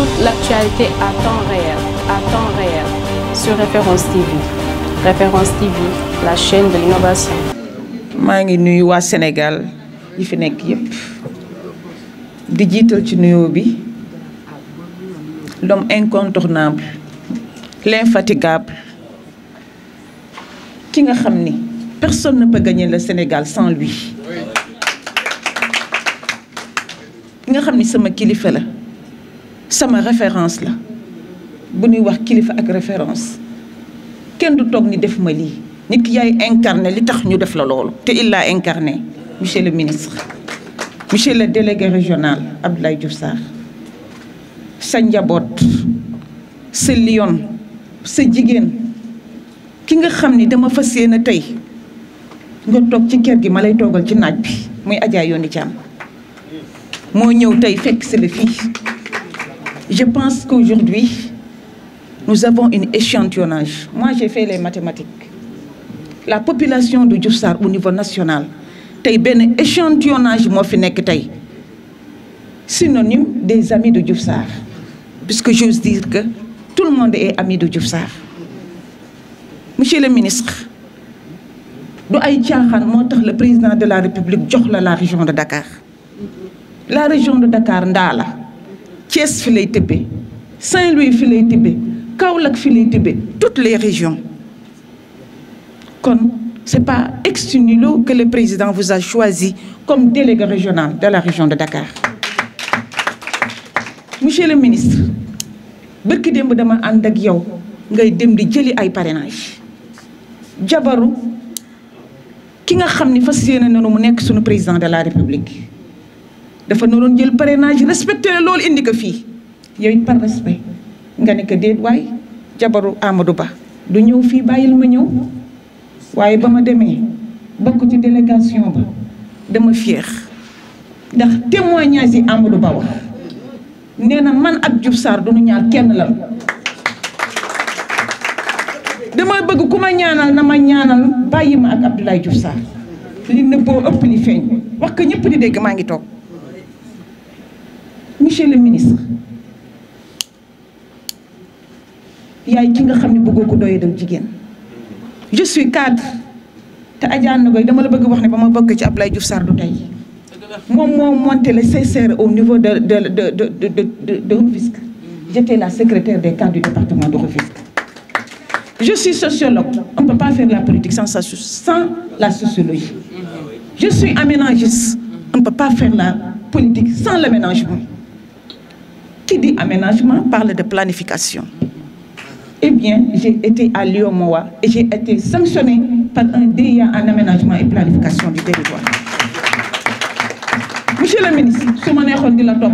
toute l'actualité à temps réel, à temps réel, sur Référence TV. Référence TV, la chaîne de l'innovation. je suis Sénégal je fait yépp di l'homme incontournable l'infatigable Qui nga personne ne peut gagner le Sénégal sans lui. nga xamni sama kilifa la sama référence la bu ñuy wax kilifa ak référence kenn du tok ni def ma li nit ki yaay incarné li tax ñu def la loolu té il l'a incarné monsieur le ministre monsieur le délégué régional Abdoulaye Diouf Sarr sa njabot sa lion sa jigen ki nga xamni dama fas tay tey nga tok ci kër gi ma lay ci naaj bi muy Adja Yoni am mo ñew tay fekk si le fii je pense qu'aujourd'hui, nous avons un échantillonnage. Moi, j'ai fait les mathématiques. La population de Djoussar au niveau national, c'est un échantillonnage synonyme des amis de Djoussar. puisque j'ose dire que tout le monde est ami de Djoussar. monsieur le ministre du le président de la république la région de Dakar la région de Dakar n'dala. Thiès Saint-Louis fi lay Kaolack toutes les régions ce n'est pas ex que le président vous a choisi comme délégué régional de la région de Dakar monsieur le ministre je vous dama ànd ak yow ngay dem di jëli ay parrainage jabaru ki nga xam ni président de la république dafa naroon jël parrainage respecté lool indi ko fi yow par respect nga ne ko deet way jabaru Amadou Ba du ñew fi bayil ma ñew waye ba démé bokku ci délégation ba dama fier ndax témoignage Amadou Ba wax néna man ak djub sar du ñu ñaar kenn la dama bëgg kuma ñaanal na ma ñaanal bayima ma ak Abdoulaye djub sar li nëbboo ëpp ni feñ wax ko ñëpp di dégg maa ngi toog monsieur le ministre yaay ki nga xam ne bëggoo ko doyadal je suis cadre te adjan Ngoye dama la bëgg wax ne bama ma bokk ci Ablaye Diouf sardou tay mom mo monté le au niveau de de de de de de Rufisque j'étais la secrétaire des cadres du département de Rufisque je suis sociologue on ne peut pas faire la politique sans sans la sociologie je suis aménagiste on ne peut pas faire la politique sans l'aménagement qui dit aménagement parle de planification. Eh bien, j'ai été à Lyon-Moa et j'ai été sanctionné par un DIA en aménagement et planification du territoire. Monsieur le ministre, ce suis neexoon la top.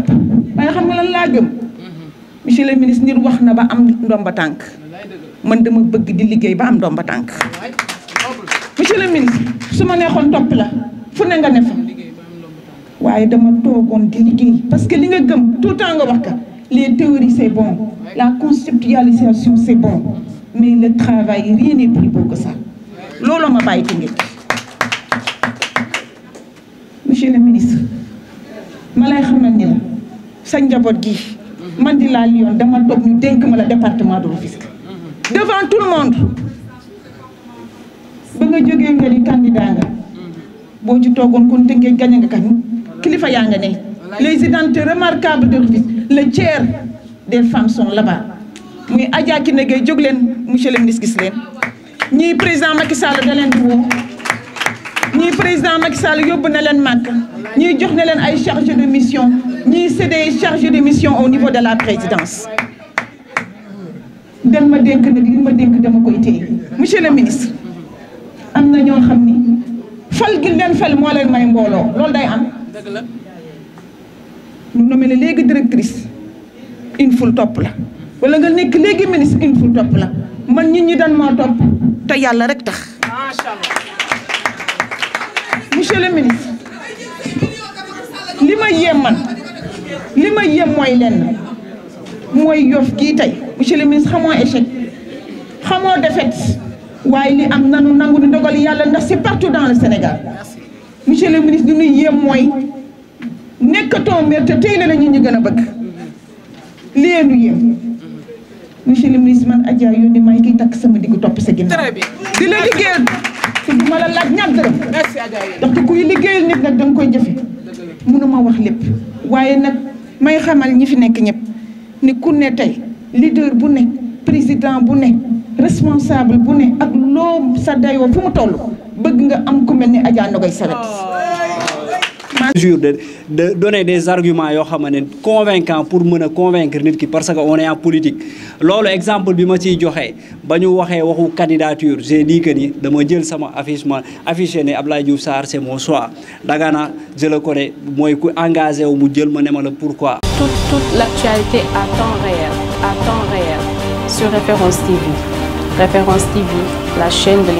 xam nga monsieur le ministre nit wax na ba am de tank. monsieur le ministre ce manège la oui, je suis parce que tout le temps les théories c'est bon la conceptualisation c'est bon mais le travail rien n'est plus beau que ça que ma vais dire. monsieur le ministre je suis ni la sa gi département de l'office. devant tout le monde ba nga candidat nga vous, kilifa Yangane, les identités remarquables de Rufisque le tiers des femmes sont là-bas Mais Adia Kinege, Djoglen, jóg monsieur le ministre gis ni président Macky Sall da leen président Macky Sall yóbbu na leen màkk jox chargé de mission ni CDE chargé de mission au niveau de la présidence dan ma dénk je suis ma dénk dama koy téye monsieur le ministre Je na ñoo xam ni fal gi leen fal may dëgg la ñu nommé la léegi directrice une ful topp la wala nga nekk léegi ministre une ful topp la man ñi ñi dan maa topp te yàlla rek tax macha allah le ministre li ma yem man li ma yem mooy lenn mooy yof kii tey monsieur le ministre xamoo échec xamoo défaite waaye li am na nangu di ndogal yàlla ndax c'est partout dans le Sénégal monsieur le ministre du ñu yem moy nekato maire te tey la ñu ñu gëna bëgg lii nu yem monsieur le ministre man Adja yónni may ngi tak sama diggu top sa ginnaaw. très bien di la liggéeyal ci du ma la laj ñaar dërëm. merci Adja ndaxte kuy liggéeyal nit nak dang nga koy jëfe mënuma wax lepp waye nak may xamal ñi fi nekk ñep ni ku ne tay leader bu ne président bu ne responsable bu ne ak lo sa dayo fu mu tollu de de donner des arguments convaincants convaincant pour me convaincre nit ki parce qu'on est en politique loolu exemple bi ma ciy joxe ba ñu waxu candidature j'ai dit que ni dama jël sama affichement affiché à Abdoulaye Diouf Sarr c'est mon choix Dagana je le connais je ku engagé wu mu jël ma le pourquoi. toute toute l'actualité à temps réel à temps réel sur Référence TV Référence TV la chaîne de